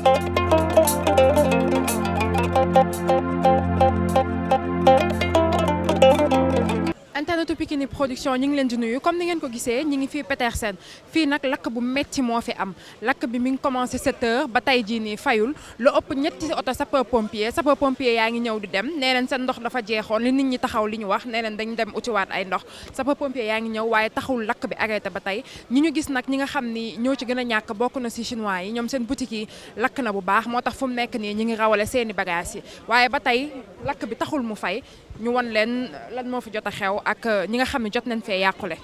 Thank you. internetu Pikini production ñu ngi leen di nuyu comme ni ngeen ko gisee ñu ngi fii Petersen fii nag lakk bu metti moo fi am lakk bi mi ngi commencé 7 ba tey jii nii fayul lu ëpp ñetti oto sapeur pompier sapeur pompier yaa ngi ñëw di dem nee leen seen ndox dafa jeexoon li nit ñi taxaw li ñu wax nee leen dañu dem utiwaat ay ndox sapeur pompier yaa ngi ñëw waaye taxawul lakk bi arrêté ba tey ñi ñu gis nag ñi nga xam ni ñoo ci gën a ñàkk bokk na si chinois yi ñoom seen boutique yi lakk na bu baax moo tax fu mu nekk nii ñi ngi rawale seeni bagage yi waaye ba tey lakk bi taxul mu fay ñu won leen lan moo fi jot a xew ak euh, ñi nga xam ne jot nañ fee yàqule.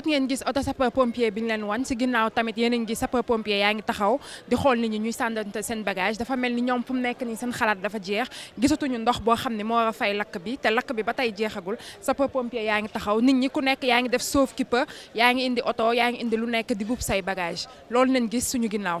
jot ngeen gis oto sapeur pompier bi ñu leen wan si ginnaaw tamit yéen a ngi gis sapeur pompier yaa ngi taxaw di xool nit ñi ñuy sàndante seen bagage dafa mel ni ñoom fu nekk nii seen xalaat dafa jeex gisatuñu ndox boo xam ne moo war fay lakk bi te lakk bi ba tey jeexagul sapeur pompier yaa ngi taxaw nit ñi ku nekk yaa ngi def sauve qui yaa ngi indi oto yaa ngi indi lu nekk di buub say bagage loolu nañ gis suñu ginnaaw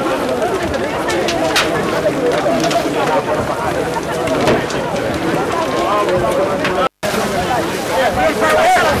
vai, vai, vai.